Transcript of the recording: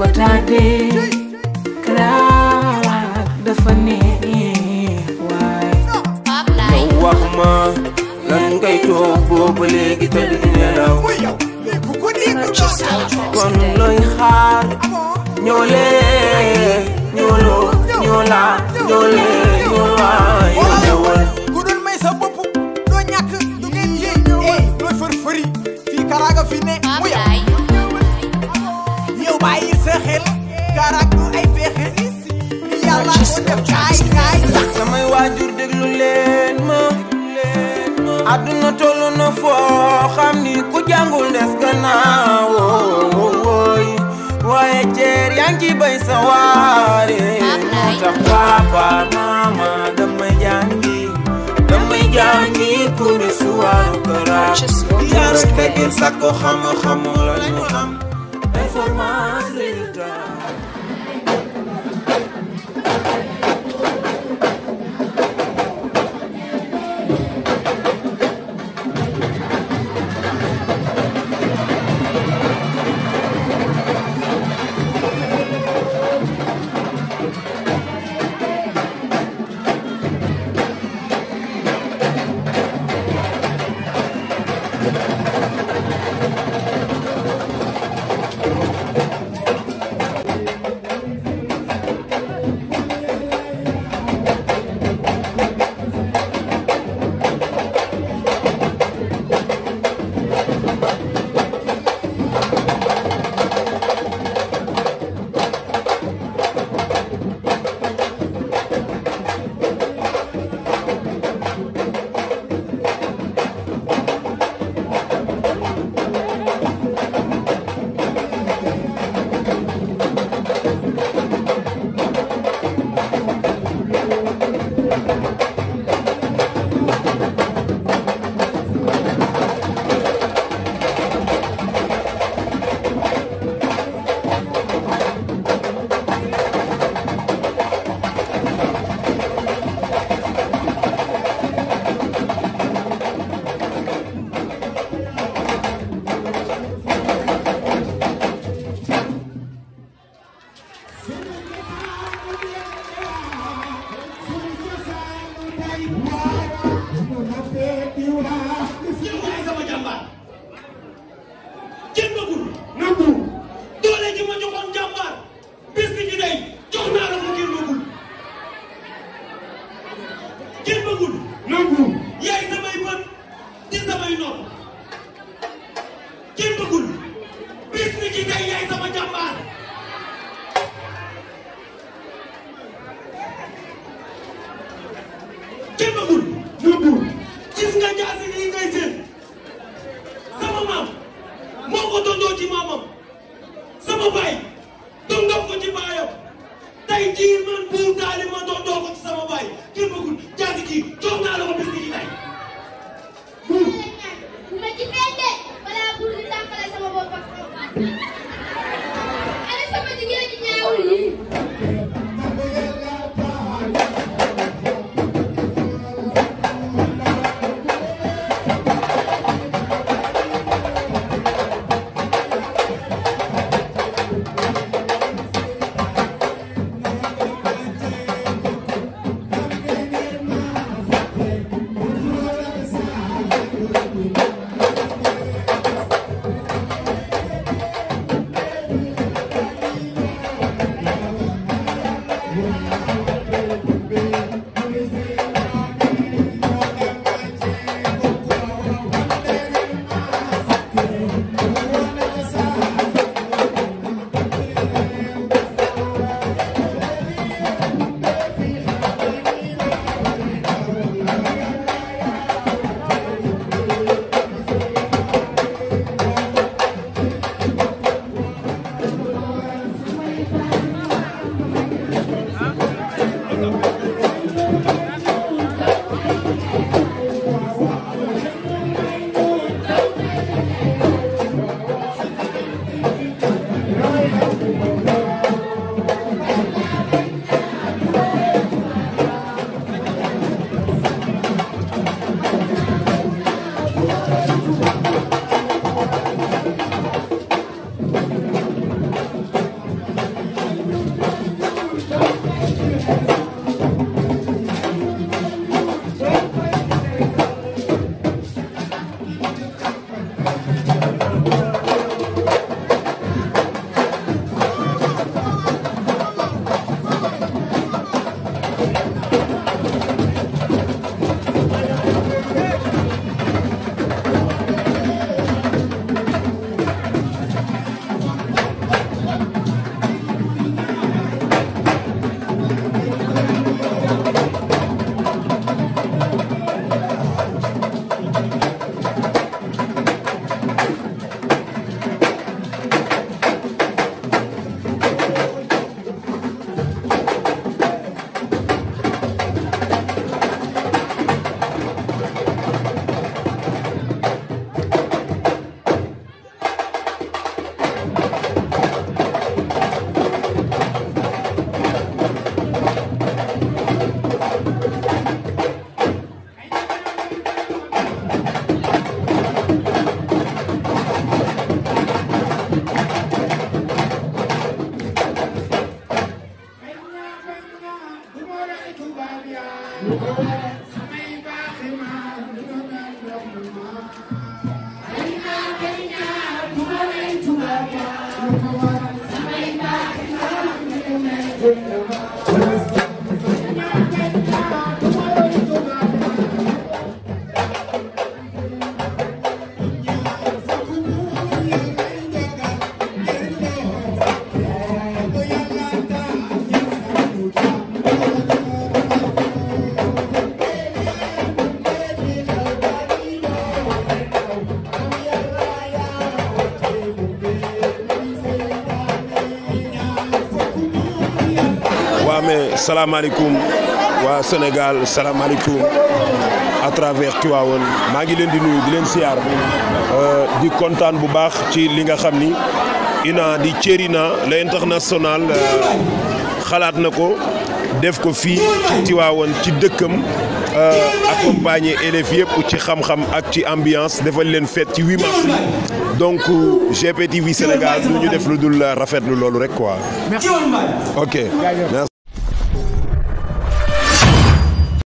ko taatee karawaat dafa neex waay nga wax ma lan ngay toog boobu léegi te du nelaw kon looy xaar ñoo lee ñoo loo ñoo laa ñoo lee ñoo laa kaay kaay samay waajur déglu leen ma àdduna toll na foo xam ni ku jàngul des gannaaw wooy waaye ceer yaa ngi bay sa waare moo tax papa mama damay jàngi damay jàngi ku ne suwaaru karaat yaa rekk fekk sa ko xam-xamul la ñu xam nekkoon jàmbaar bis bi ci day salaamaaleykum waa Sénégal salaamaaleykum à travers Tivaouane maa ngi leen di nuyu di leen siyaar euh, di kontaan bu baax ci li nga xam ni ina di Thierina l'international euh, xalaat na ko def ko fii ci Tivaouane ci dëkkam euh, accompagner élèves yëpp ci xam-xam ak ci ambiance defal leen fête ci 8 mars donc GPTV Sénégal du ñu def lu dul rafet lu loolu rek quoi